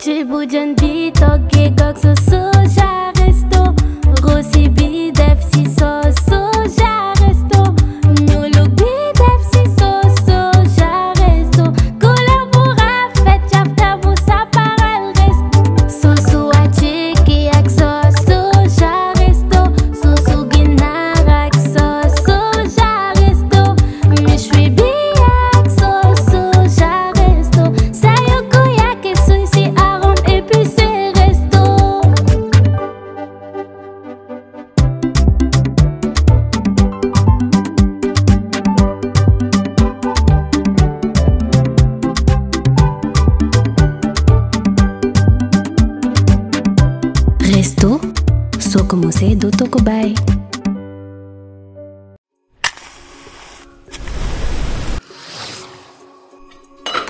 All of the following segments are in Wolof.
Që bu gjën ditë, o okay, gogë së së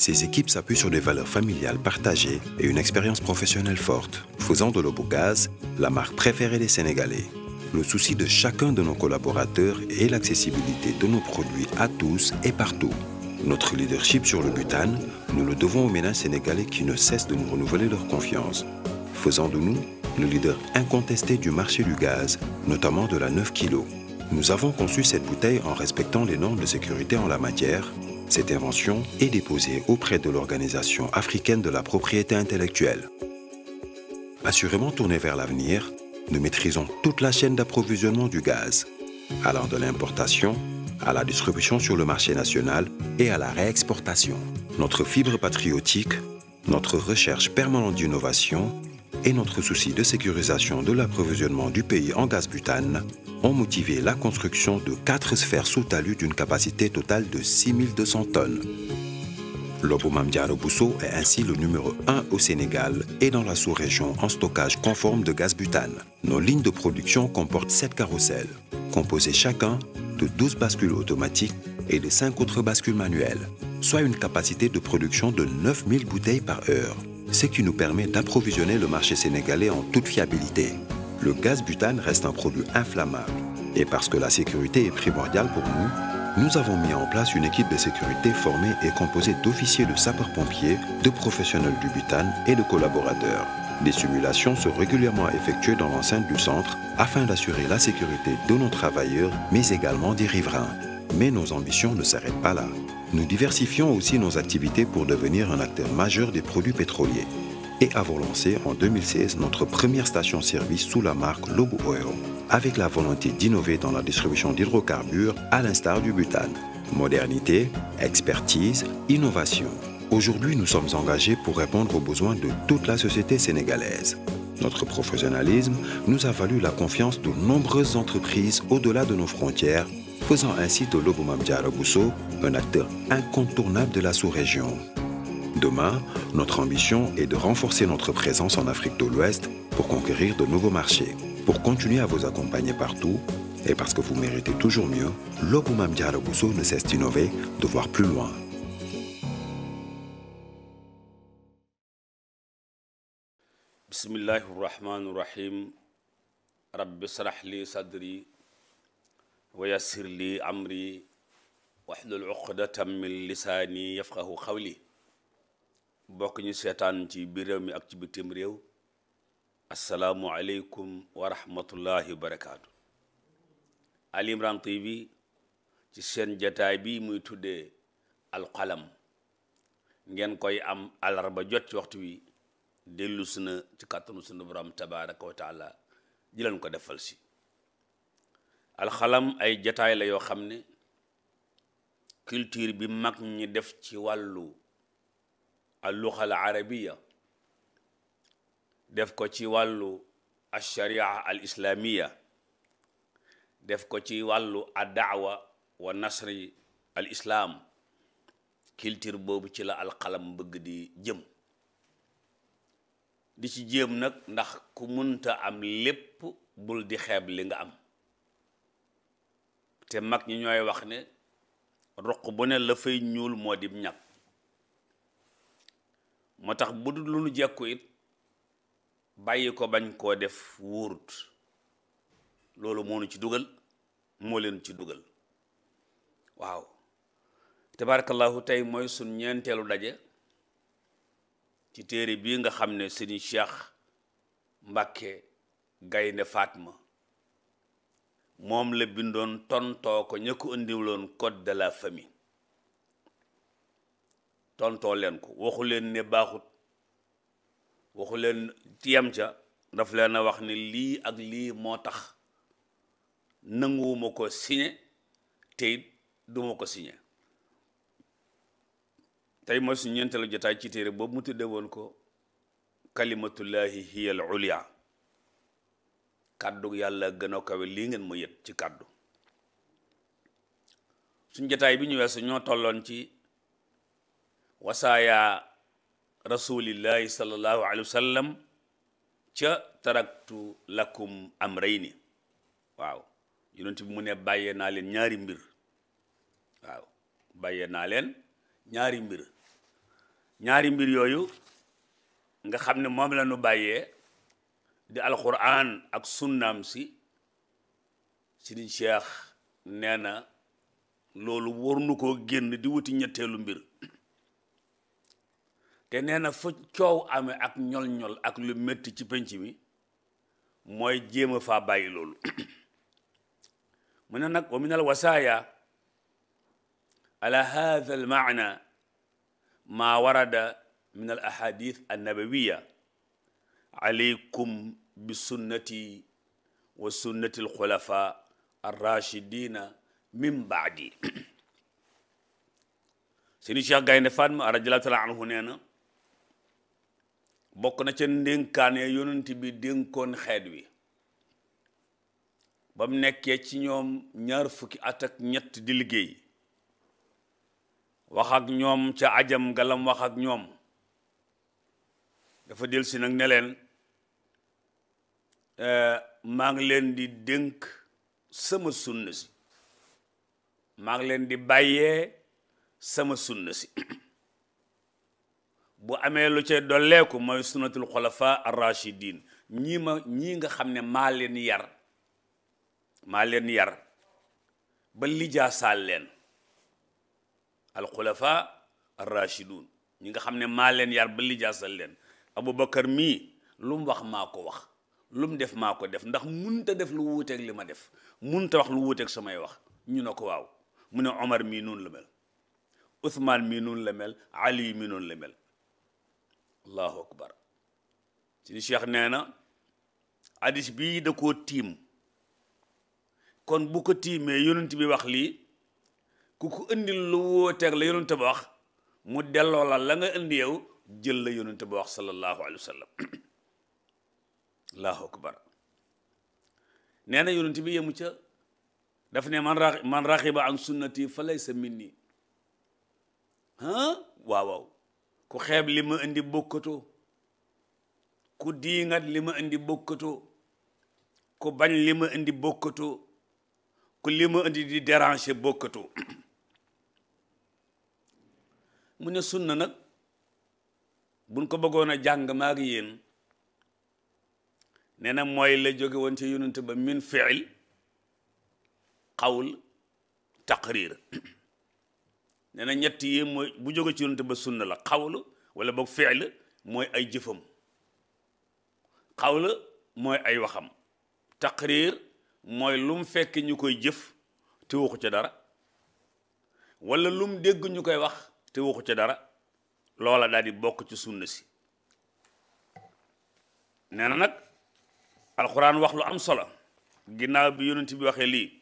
Ces équipes s'appuient sur des valeurs familiales partagées et une expérience professionnelle forte, faisant de l'Obocaz la marque préférée des Sénégalais. Le souci de chacun de nos collaborateurs est l'accessibilité de nos produits à tous et partout. Notre leadership sur le butane, nous le devons aux ménages sénégalais qui ne cessent de nous renouveler leur confiance, faisant de nous le leader incontesté du marché du gaz, notamment de la kg. Nous avons Cette invention est déposée auprès de l'Organisation africaine de la propriété intellectuelle. Assurément tournée vers l'avenir, nous maîtrisons toute la chaîne d'approvisionnement du gaz, allant de l'importation à la distribution sur le marché national et à la réexportation. Notre fibre patriotique, notre recherche permanente d'innovation et notre souci de sécurisation de l'approvisionnement du pays en gaz butane ont motivé la construction de quatre sphères sous talus d'une capacité totale de 6200 tonnes. L'Obomam Diarra Bousso est ainsi le numéro 1 au Sénégal et dans la sous-région en stockage conforme de gaz butane. Nos lignes de production comportent 7 carrousels, composés chacun de bascules automatiques et de 5 autres bascules manuelles, soit une capacité de production de bouteilles par heure, ce qui nous permet d'approvisionner le marché sénégalais le gaz butane reste un produit inflammable. Et parce que la sécurité est primordiale pour nous, nous avons mis en place une équipe de sécurité formée et composée d'officiers de sapeurs-pompiers, de professionnels du butane et de collaborateurs. Des simulations sont régulièrement effectuées dans l'enceinte du centre afin d'assurer la sécurité de nos travailleurs, mais également des riverains. Mais nos ambitions ne s'arrêtent pas là. Nous diversifions aussi nos activités pour devenir un acteur majeur des produits et avons lancé en 2016 notre première station-service sous la marque Lobo Oil, avec la volonté d'innover dans la distribution d'hydrocarbures à l'instar du butane. Modernité, expertise, innovation. Aujourd'hui, nous sommes engagés pour répondre aux besoins de toute la société sénégalaise. Notre professionnalisme nous a valu la confiance de nombreuses entreprises au-delà de nos frontières, faisant ainsi de Lobo Mamdiara Bousso un acteur incontournable de la sous Demain, notre ambition est de renforcer notre présence en Afrique de l'Ouest pour conquérir de nouveaux marchés. Pour continuer à vous accompagner partout, et parce que vous méritez toujours mieux, l'Ogoumam Diarabusso ne cesse d'innover, de voir plus loin. bismillahi irrahmani irrahim rabbi srax li sadri wa li amri waxlul uqdatan min lisaani yafqahu qawli bokk ñu seetaan ci biir mi ak ci bitim réew asalaamualeykum wa rahmatullahi wa barakaatu Ali Imran TV ci seen jataay bi muy tuddee alqalam ngeen koy am alarba jot ci waxtu wi dellu si na ci kàttanu sunu borom tabaraka wa taala ji ko defal si alxalam ay jataay la yoo xam ne culture bi mag ñi def ci wàllu al-lugha al def ko ci wàllu al-sharia al-islamiyya def ko ci wàllu ad-da'wa wa nasri al-islam culture boobu ci la alxalam bëgg di jëm di ci jéem nag ndax ku munta am lépp bul di xeeb li nga am te mag ñi ñooy wax ne ruq bu ne la fay ñuul moo di ñàkk moo tax bu dul lu nu jekku it bàyyi ko bañ koo def wóorut loolu moo ci dugal moo leen ci dugal waaw tabarakallahu tey mooy sun ñeenteelu daje ci téere bi nga xam ne sëriñ Cheikh mbakke Gaynde Fatma moom la bindoon tontoo ko ña ko indiwloon code de la famille tontoo leen ko waxu leen ne baaxut waxu leen tiyam ca daf leen a wax ne lii ak lii moo tax nanguwuma ko signé tey duma ko signé tey mooy suñu ñeenteelu jotaay ci téere boobu mu tudde woon ko kalimatullahi hiya al ulya kàddu yàlla gën a kawe lii ngeen ma yët ci kàddu suñ jotaay bi ñu weesu ñoo tolloon ci wasaaya rasulillahi sallallahu alayhi wa ca taraktu lakum amrayni waaw yonent bi mu ne bàyyee naa leen ñaari mbir waaw naa leen ñaari mbir ñaari mbir yooyu nga xam ne moom la ñu bàyyee di alquran ak sunnaam si Sëriñ Cheikh nee na loolu war nu koo génn di wuti ñetteelu mbir te nee na fa coow amee ak ñol-ñol ak lu métti ci penc mi mooy jéem a fa bàyyi loolu mu ne nag wa min al wasaaya ala hadha al maana warada min al ahadith annabawiya alaykum bi sunnati wa sunnati alxulafa arrachidina min baadi sëñ Cheikh Gaynde Fatma radiyallahu taala anhu nee bokk na ca ndénkaan ya yonent bi dénkoon xeet wi ba mu nekkee ci ñoom ñaar fukki at ak ñett di liggéey wax ak ñoom ca ajam galam wax ak ñoom dafa del si nag neleen leen eh, maa ngi leen di dënk sama sunna si maa ngi leen di bàyyee sama sunna si bu amee lu cay dolleeku mooy sunnatul xulafa ar-rashidin ñii ma ñii nga xam ne maa leen yar maa leen yar ba lijaasaal leen al xulafa ar-rashidun ñi nga xam ne maa leen yar ba lijaasal leen aboubacar mi lu mu wax maa ko wax lu mu def maa ko def ndax munta def lu wuuteeg li ma def munta wax lu wuuteeg samay wax ñu ne ko waaw mu ne omar mii noonu la mel ousmane mii noonu la mel ali mii noonu la mel allahu akbar suñu cheikh nee na hadis bii da koo tiim kon bu ko tiimee yonent bi wax lii ku ko indi lu wóoteeg la yonent ba wax mu delloo la la nga indi yow jël la yonent ba wax sallallahu alayhi wa sallam allahu akbar nee na yonent bi yemu ca daf ne man ra man raxiba an sunnati fa laysa minni ah waaw ku xeeb li indi bokkatoo ku diingat li indi bokkatoo ku bañ li ma indi bokkatoo ku li indi di déranger bokkatoo mu ne sunna nag buñ ko bëggoon a jàng maa ngi yéen nee na mooy la jóge woon ci yonent ba min fiil xawl taqrir nee na ñett yi mooy bu jóge ci yonent ba sunna la xawlu wala boog fi'l mooy ay jëfam xaw la mooy ay waxam taqriir mooy lu mu fekk ñu koy jëf te waxu ca dara wala lum dégg ñu koy wax te waxu ca dara loola daal di bokk ci sunna si nee na nag alxuraan wax lu am solo ginnaaw bi yonent bi waxee lii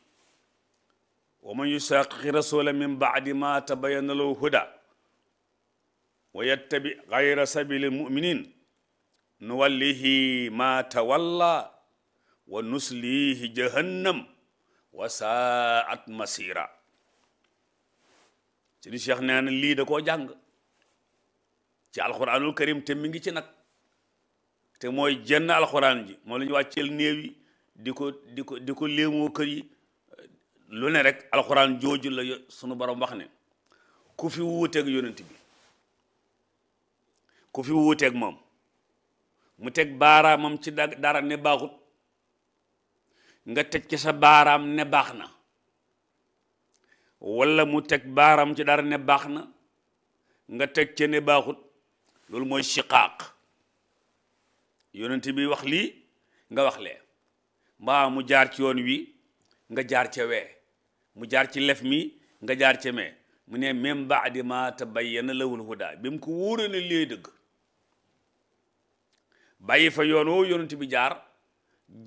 wa man yusaqiqi rasula min bacdi ma tabayana lahu huda wa yattabi gayra sabili lmuminin nuwallihi ma tawalla wa nuslihi jahannam wa saat masira sëriñ Cheikh nee na lii da koo jàng ci alquranul karim te mi ngi ci nag te mooy jenn alquran ji moo la ñu wàcceel néew yi di ko lu ne rek alxuraan jooju la sunu borom wax ne ku fi wuuteeg yonent bi ku fi moom mu teg baaraamam ci dara ne baaxut nga teg ci sa baaraam ne baax na wala mu teg baaraam ci dara ne baax na nga teg ci ne baaxut loolu mooy shiqaaq yonent bi wax li nga wax le mbaa mu jaar ci yoon wi nga jaar ca wee mu jaar ci lef mi nga jaar ci mee mu ne même baadi ma tabayyana lawul huda bi mu ko wóoree ne lii dëgg bàyyi fa yoon woo yonent bi jaar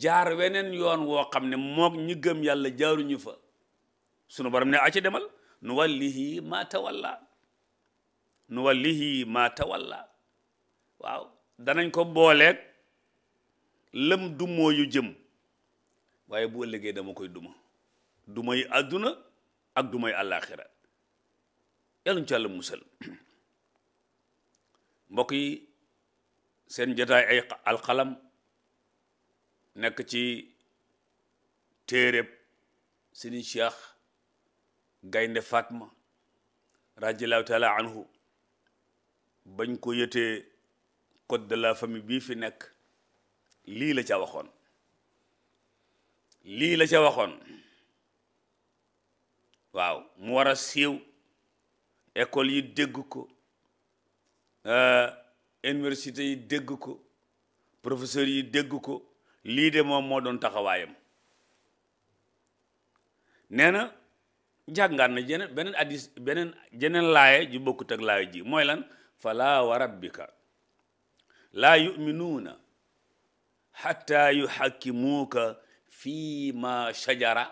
jaar weneen yoon woo xam ne moog ñi gëm yàlla jaaruñu fa sunu borom ne aca demal nu wallihi ma tawalla nu wallihi ma tawalla waaw danañ ko booleeg lëm dumoo yu jëm waaye bu ëllëgee dama koy duma du may àdduna ak du may àllaaxira yàlla ñu musal mbokk yi seen jataay ay alxalam nekk ci téereb Sëriñ Cheikh Gaynde Fatma radiallahu taala anhu bañ ko yëtee code de la famille bii fi nekk lii la ca waxoon lii la ca waxoon waaw mu war a siiw école yi dégg ko euh, université yi dégg ko professeur yi dégg ko lii de moom moo doon taxawaayam nee na jàngaan na jeneen beneen addis beneen jeneen laaye ju bokkut ak laaye ji mooy lan fala wa rabbika laa yuminuuna xatta yuxakkimuuka fi ma shajara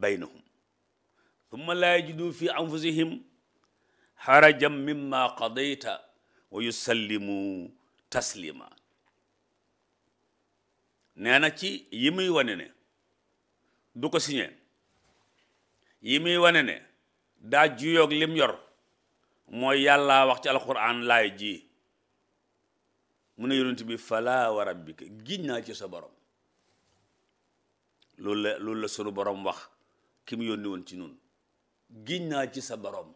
baynahum thumma laa yajidu fi anfusihim harajan mimma qadayta wa yusallimu taslima nee na ci yi muy wane ne du ko signé yi muy wane ne daa juyoog lim yor mooy yàlla wax ci alquran ji mu ne yonent bi fala wa rabbika giñ naa ci sa borom loolu la loolu la sunu borom wax ki mu yónni woon ci nun giñ naa ci sa borom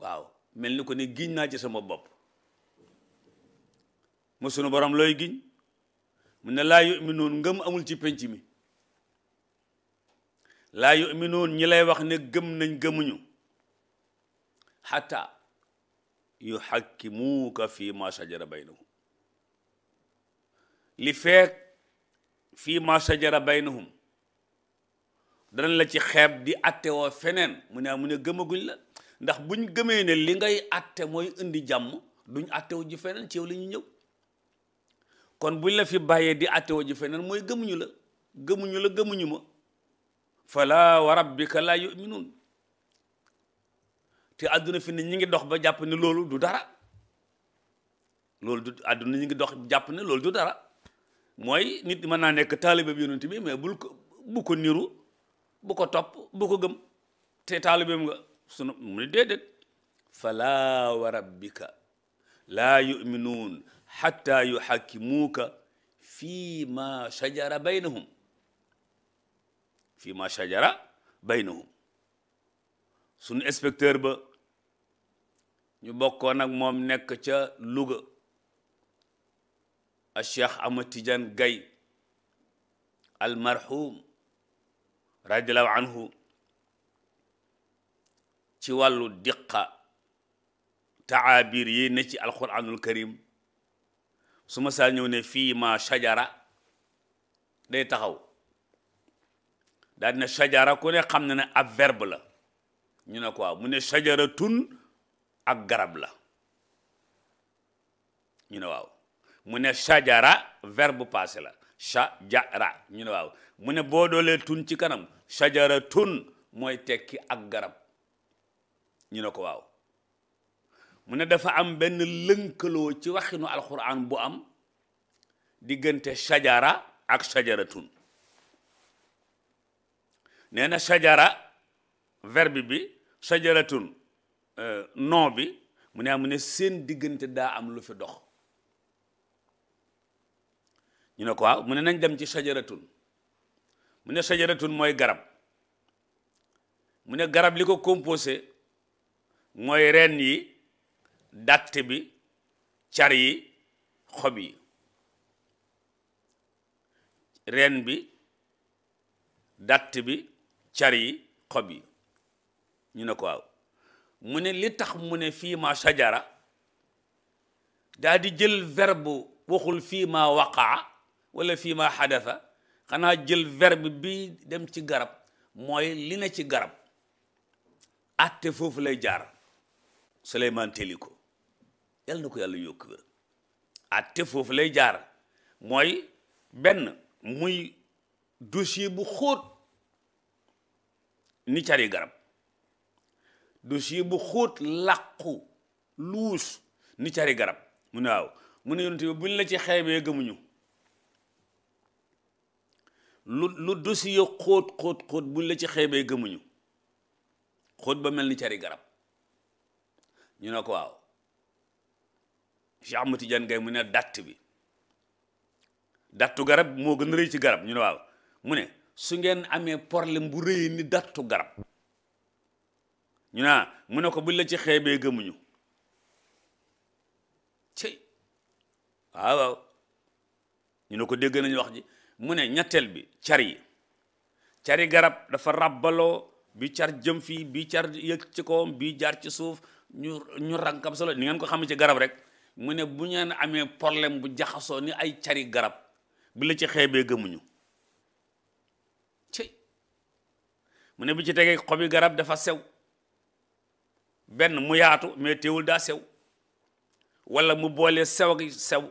waaw mel ni ku ni giñ naa ci sama bopp mu sunu borom looy giñ mu ne laa yuminuun ngëm amul ci penc mi laa yuminuun ñi lay wax ne gëm nañ gëmuñu xata yuhakkimuuka fii ma sajara baynahum li feek fii ma sajara baynahum danañ la ci xeeb di attewoo feneen mu ne ah, mu ne gëmaguñ la ndax buñ gëmee ne li ngay atte mooy indi jàmm duñ attewu ji feneen ci yow la ñëw kon buñ la fi bàyyee di attewoo ji feneen mooy gëmuñu la gëmuñu la gëmuñu ma fala wa rabbika la yuminuun te àdduna fi ne ñu ngi dox ba jàpp ne loolu du dara loolu du àdduna ñu ngi dox jàpp ne loolu du dara mooy nit mën naa nekk taalibe bi yonent bi mais bul ko bu ko niru bu topp bu ko gëm te taalibeem nga sunu mu ne déedéet falaa wa rabbika laa yuminuun xatta yuxakkimuuka fii ma shajara baynahum fii ma shajara baynahum sunu inspecteur ba ñu bokkoon ak moom nekk ca Louga a Cheikh Ahmad Tidiane Gaye almarhum radiallahu anhu ci wàllu diqa taabir yi ne ci alquranul karim su ma saa ñëw ne fii ma shajara day taxaw daal ne shajara ku ne xam na ne ab verbe la ñu ne quoi mu ne shajara tun ak garab la ñu ne waaw mu ne shajara verbe passé la shajara ñu ne waaw mu ne boo doolee tun ci kanam shajaratun mooy tekki ak garab ñu ne ko waaw mu ne dafa am benn lënkaloo ci waxinu alxuraan bu am diggante shajara ak shajaratun nee na shajara verbi bi shajaratun euh, no bi mu ne am mu ne seen diggante daa am lu fi dox ñu ne ko waaw mu ne nañ dem ci shajaratun mu ne sajaratun mooy garab mu ne garab li ko composé mooy reen yi datt bi car yi xob yi ren bi datt bi car yi xob yi ñu ne ko mu ne li tax mu ne fii ma sajara daa di jël verbe waxul fii ma waqaa wala fii xanaa jël verbe bi dem ci garab mooy li na ci garab atte foofu lay jaar Souleymane ko yàlla na ko yàlla yokk wér atte foofu lay jaar mooy benn muy dossier bu xóot ni cari garab dossier bu xóot làqu luus ni cari garab mu ne waaw mu ne yonent bi buñ la ci xeebee gëmuñu lu lu dossier xóot xóot xóot buñ la ci xeebee gëmuñu xóot ba mel ni cari garab ñu ne ko waaw Cheikh Ahmad Tidiane Gaye mu ne datt bi dattu garab moo gën a rëy ci garab ñu ne waaw mu ne su ngeen amee problème bu rëy ni dattu garab ñu naa ah, mu ne ko buñ la ci xeebee gëmuñu cey waaw waaw ñu ne ko dégg nañu wax ji mu ne ñetteel bi car yi cari garab dafa ràbbaloo bi car jëm fii bi car yëg ci kawam bi jaar ci suuf ñu ñu rànkam solo ni ngeen ko xam ci garab rek mu ne bu ngeen amee problème bu jaxasoo ni ay cari garab bi la ci xeebee gëmuñu ci mu ne bi ci tegee xobi garab dafa sew benn mu yaatu mais teewul daa sew wala mu boolee sew ak sew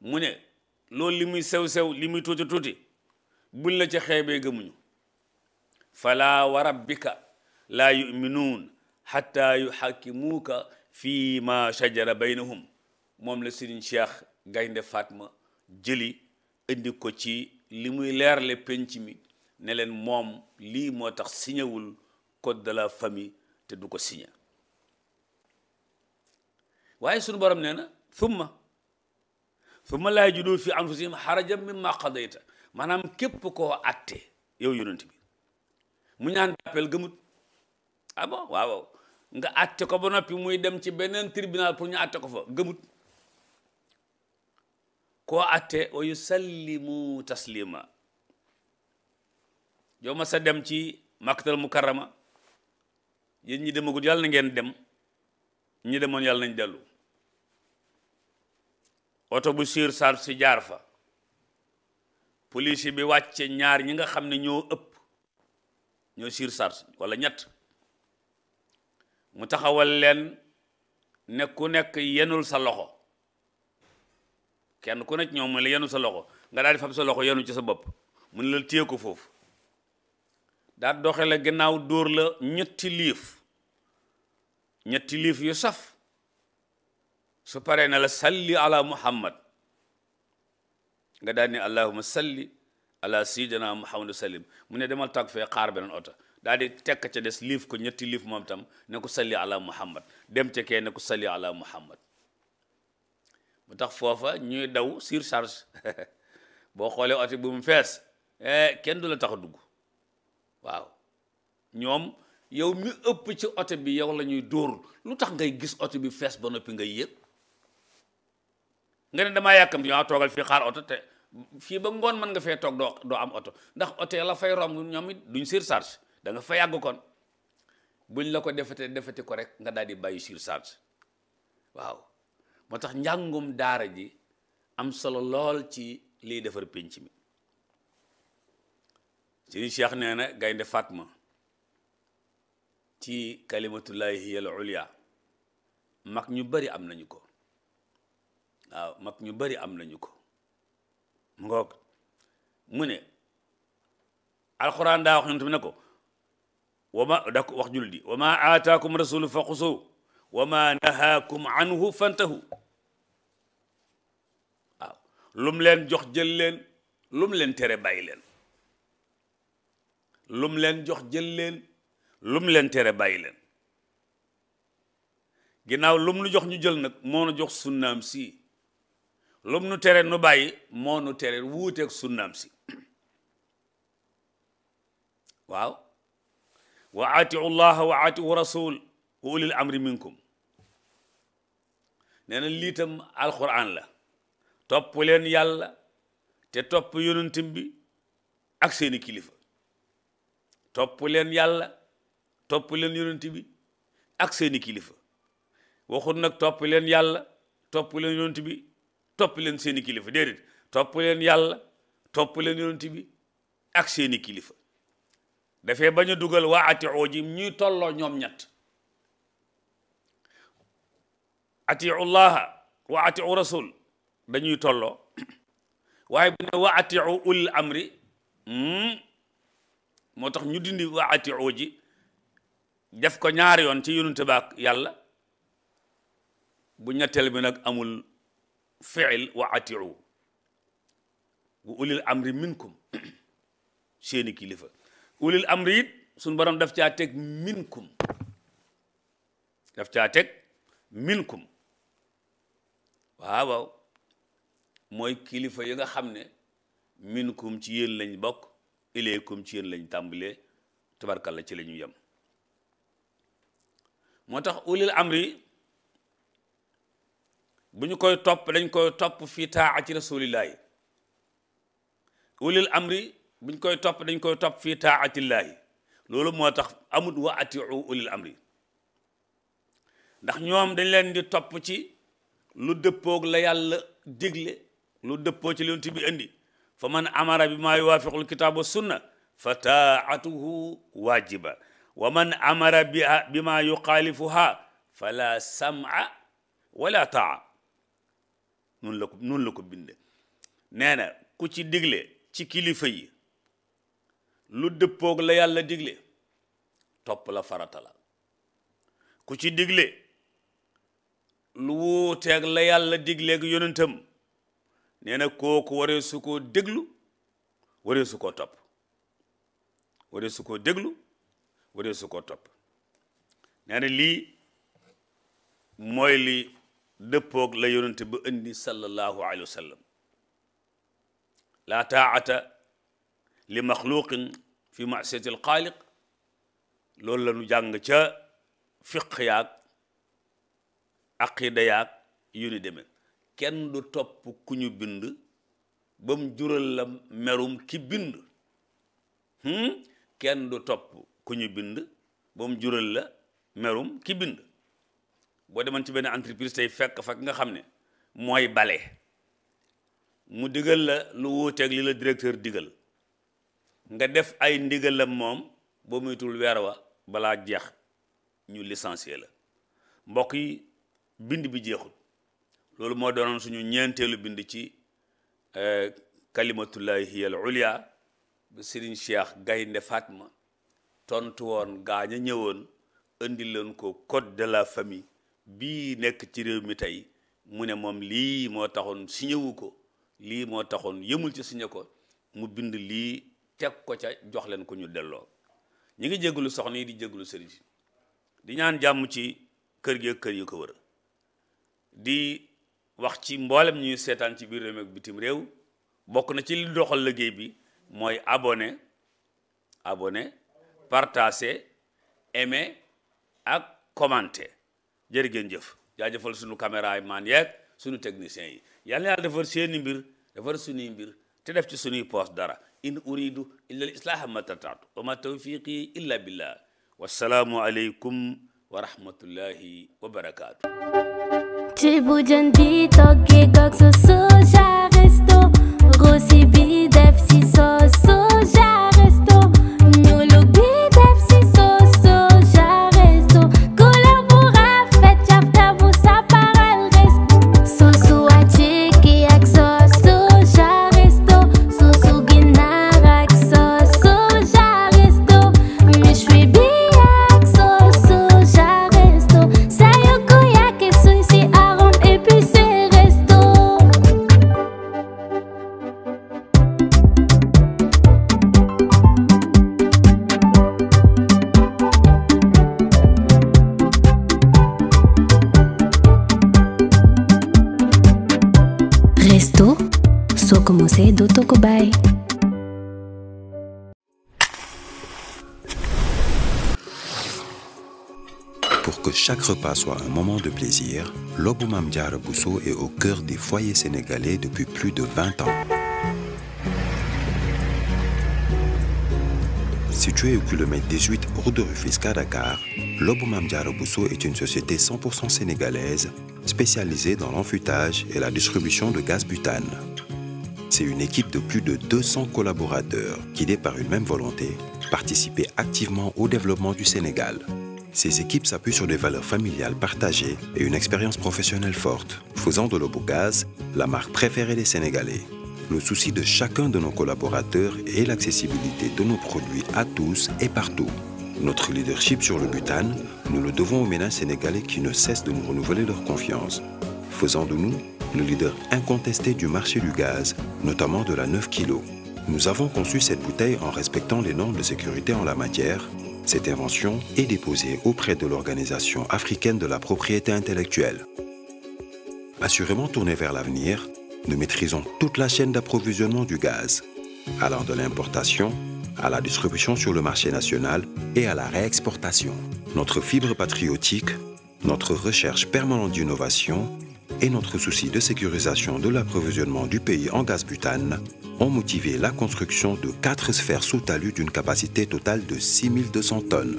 mu ne loolu li muy sew-sew li muy tuuti tuuti buñ la ca xeebee gëmuñu fala wa rabbika laa yuminuun xatta yuxakkimuuka fi ma shajara baynahum moom la Serigne Cheikh Gaynde Fatma jëli indi ko ci li muy leerle penc mi ne leen moom lii moo tax siñewul code de la famille te du ko siñe waaye sunu borom nee na thumma summa laa yajidu fi anfusihim harajan mimma qadayta maanaam képp koo atte yow yonent bi mu ñaan d'appel gëmut ah bon waaw nga atte ko ba noppi muy dem ci beneen tribunal pour ñu atte ko fo gëmut koo atte wa yusallimu taslima yow ma sa dem ci makkatal mukarrama yéen ñi demagul yàlla na ngeen dem ñi demoon yàlla nañ dellu oto bu siir sar si jaar fa police bi wàcce ñaar ñi nga xam ne ñoo ëpp ñoo siir sar wala ñett mu taxawal leen ne ku nekk yenul sa loxo kenn ku nekk ñoom la yenu sa loxo nga daal fab sa loxo yenu ci sa bopp mu ne la téye ko foofu daal doxe la gannaaw dóor la ñetti liif ñetti liif yu saf su paree na la salli ala muhammad nga daal ni allahuma salli ala sayyidina muhammad sallim mu ne demal toog fee xaar beneen oto daal di tekk ca des liif ko ñetti liif moom tam ne ko salli ala muhammad dem ca kee ne ko salli ala muhammad mu tax foofa ñuy daw surcharge boo xoolee oto bu mu fees eh, kenn du la tax a dugg waaw ñoom yow mi ëpp ci oto bi yow la ñuy dóor lu tax ngay gis oto bi fees ba noppi ngay yëg nga ne damaa yàkkam ñoo toogal fii xaar oto te fii ba ngoon mën nga fee toog doo doo am oto ndax oto la fay romb ñoom it duñ surcharge da nga fa yàgg kon buñ la ko defete defete ko rek nga daal di bàyyi surcharge waaw moo tax njàngum daara ji am solo lool ci liy defar pénc mi sëriñ Cheikh nee na gaynde Fatma ci kalimatullahi al ulya mag ñu bari am nañu ko waaw mag ñu bari am nañu ko mu mu ne alxuraan daa wax yonent bi ne ko wa ma da ko wax jullit yi wa ma aataakum rasulu fa xusu wa ma nahaakum anhu fantahu waaw lum leen jox jël leen leen tere bàyyi leen lum leen jox jël leen lum leen tere bàyyi leen ginnaaw lum nu jox ñu jël nag moo jox sunnaam si lum nu tere nu bàyyi moonu nu tere wuuteeg sunnaam si waaw wa atiu llaha rasul wa ulil amri minkum nee na liitam alquran la topp leen te topp yonentam bi ak seeni kilifa topp leen yàlla topp leen ak seeni kilifa waxut nag topp leen yàlla topp leen topp leen seen i kilifa déedéet topp leen yàlla topp leen yonent bi ak seen kilifa dafee bañ a dugal waa ati ji ñuy tolloo ñoom ñett atiu wa atiu rasul dañuy tolloo waaye wa atiu ul amri hmm, moo tax ñu dindi wa atiu def ko ñaari yoon ci yonent ba ak yàlla bu ñetteel bi nag amul fiil wa atiu wa ulil amri minkum seeni kilifa ulil amri it suñ borom daf caa teg minkum daf caa teg minkum waaw waaw mooy kilifa yi nga xam ne minkum ci yéen lañ bokk ilaykum ci yéen lañ tàmbalee tabarkalla ci la ñu yem moo ulil amri bu ñu koy topp dañ koy topp fii taati rasulillahi ulil amri bu ñu koy topp dañ koy topp fii taatillahi loolu moo tax amut wa atiu ulil amri ndax ñoom dañ leen di topp ci lu dëppoog la yàlla digle lu dëppoo ci li bi indi fa man amara bi maa yuwaafiqul kitaabu sunna fa taatuhu waajiba wa man amara bi bi maa yuxaalifuha fala sam'a wala taa noonu la ko noonu la ko binde nee na ku ci digle ci kilifa yi lu dëppoog la yàlla digle topp la farata la ku ci digle lu wuuteeg la yàlla digleeg yonentam nee na kooku waree su koo déglu waree su koo topp waree su koo déglu waree su koo topp dëppoog la yonente ba indi sallallahu alayhi wa sallam laa taata li maxluqin fi masiyati al xaaliq loolu la ñu jàng ca fiq yaag aqida yaag yu ni demee kenn topp ku ñu bind ba mu jural la merum ki bind hmm? kenn du topp ku ñu bind ba mu jural la merum ki bind boo demoon ci benn entreprise tey fekk fa ki nga xam ne mooy bale mu digal la lu wuuteeg li la directeur digal nga def ay ndigalam moom boo muytul weer wa balaa jeex ñu licencier la mbokk yi bind bi jeexul loolu moo doonoon suñu ñeenteelu bind ci euh, kalimatullahi hiya al ulya bi Serigne Cheikh Gaynde Fatma tontu woon gaaña ñëwoon indi leen ko code de la famille bii nekk ci réew mi tey mu ne moom lii moo taxoon siñewu ko lii moo taxoon yëmul ci siñe ko mu bind lii teg ko ca jox leen ko ñu delloo ñu ngi jégalu soxna yi di jégalu sëriñ si di ñaan jàmm ci kër gi ak kër yu ko wër di wax ci mboolem ñuy seetaan ci biir réew bitim réew bokk na ci li doxal liggéey bi mooy abone abone partagé aimé ak commenté jërë ngeen jëf jaajëfal suñu caméra yi maan yeeg suñu technicien yi yal na yàlla defar seeni mbir defar suñuy mbir te def ci suñuy poos dara in uridu illa al islaha ma tataatu ma tawfiqi illa billah wassalaamu aleykum wa rahmatullahi wa repas soit un moment de plaisir, Lobou Mame est au cœur des foyers sénégalais depuis plus de 20 ans. Situé au kilomètre 18 de Rufisque à Dakar, Lobou Mame Diarra Bousso est une société sénégalaise spécialisée dans l'enfûtage et la distribution de gaz butane. C'est une équipe de plus de collaborateurs guidés par une même volonté, participer activement au développement du Sénégal. Ces équipes s'appuient sur des valeurs familiales partagées et une expérience professionnelle forte, faisant de Lobogaz la marque préférée des Sénégalais. Le souci de chacun de nos collaborateurs est l'accessibilité de nos produits à tous et partout. Notre leadership sur le butane, nous le devons aux ménages sénégalais qui ne cessent de nous renouveler leur confiance, faisant de nous le leader incontesté du marché du gaz, notamment de la 9 kg. Cette invention est déposée auprès de l'Organisation africaine de la propriété intellectuelle. Assurément tournée vers l'avenir, nous maîtrisons toute la chaîne d'approvisionnement du gaz, allant de l'importation à la distribution sur le marché national et à la réexportation. Notre fibre patriotique, notre recherche permanente d'innovation et notre souci de sécurisation de l'approvisionnement du pays en gaz butane ont motivé la construction de quatre sphères sous talus d'une capacité totale de 6200 tonnes.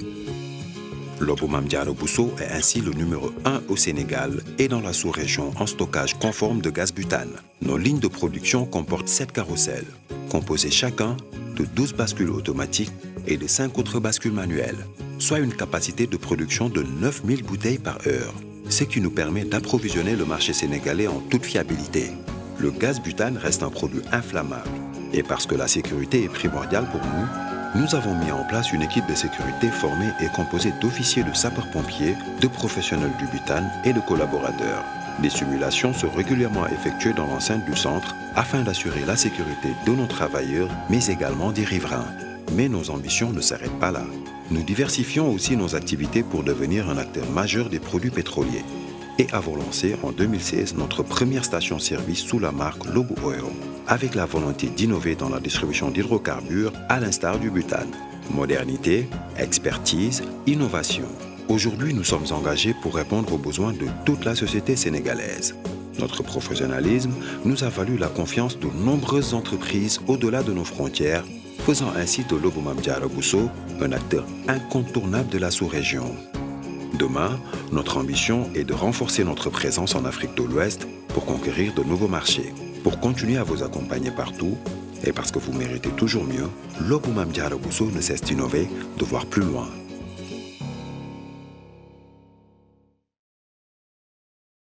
L'Oboumam Diallo Bousso est ainsi le numéro 1 au Sénégal et dans la sous-région en stockage conforme de gaz butane. Nos lignes de production comportent 7 carrousels, composés chacun de 12 bascules automatiques et de 5 autres bascules manuelles, soit une capacité de production de ce qui nous permet d'approvisionner le marché sénégalais en toute fiabilité. Le gaz butane reste un produit inflammable. Et parce que la sécurité est primordiale pour nous, nous avons mis en place une équipe de sécurité formée et composée d'officiers de sapeurs-pompiers, de professionnels du butane et de collaborateurs. Des simulations sont régulièrement effectuées dans l'enceinte du centre afin d'assurer la sécurité de nos travailleurs, mais également Mais nos ambitions ne s'arrêtent pas là. Nous diversifions aussi nos activités pour devenir un acteur majeur des produits pétroliers et avons lancé en 2016 notre première station-service sous la marque Lobo Oil, avec la volonté d'innover dans la distribution d'hydrocarbures à l'instar du butane. Modernité, expertise, innovation. Aujourd'hui, nous sommes engagés pour répondre aux besoins de toute la société sénégalaise. Notre professionnalisme nous a valu la confiance de nombreuses entreprises faisant ainsi de Lobo Mame un acteur incontournable de la sous-région. Demain, notre ambition est de renforcer notre présence en Afrique de l'Ouest pour conquérir de nouveaux marchés. Pour continuer à vous accompagner partout, et parce que vous méritez toujours mieux, Lobo Mame ne cesse d'innover, de voir plus loin.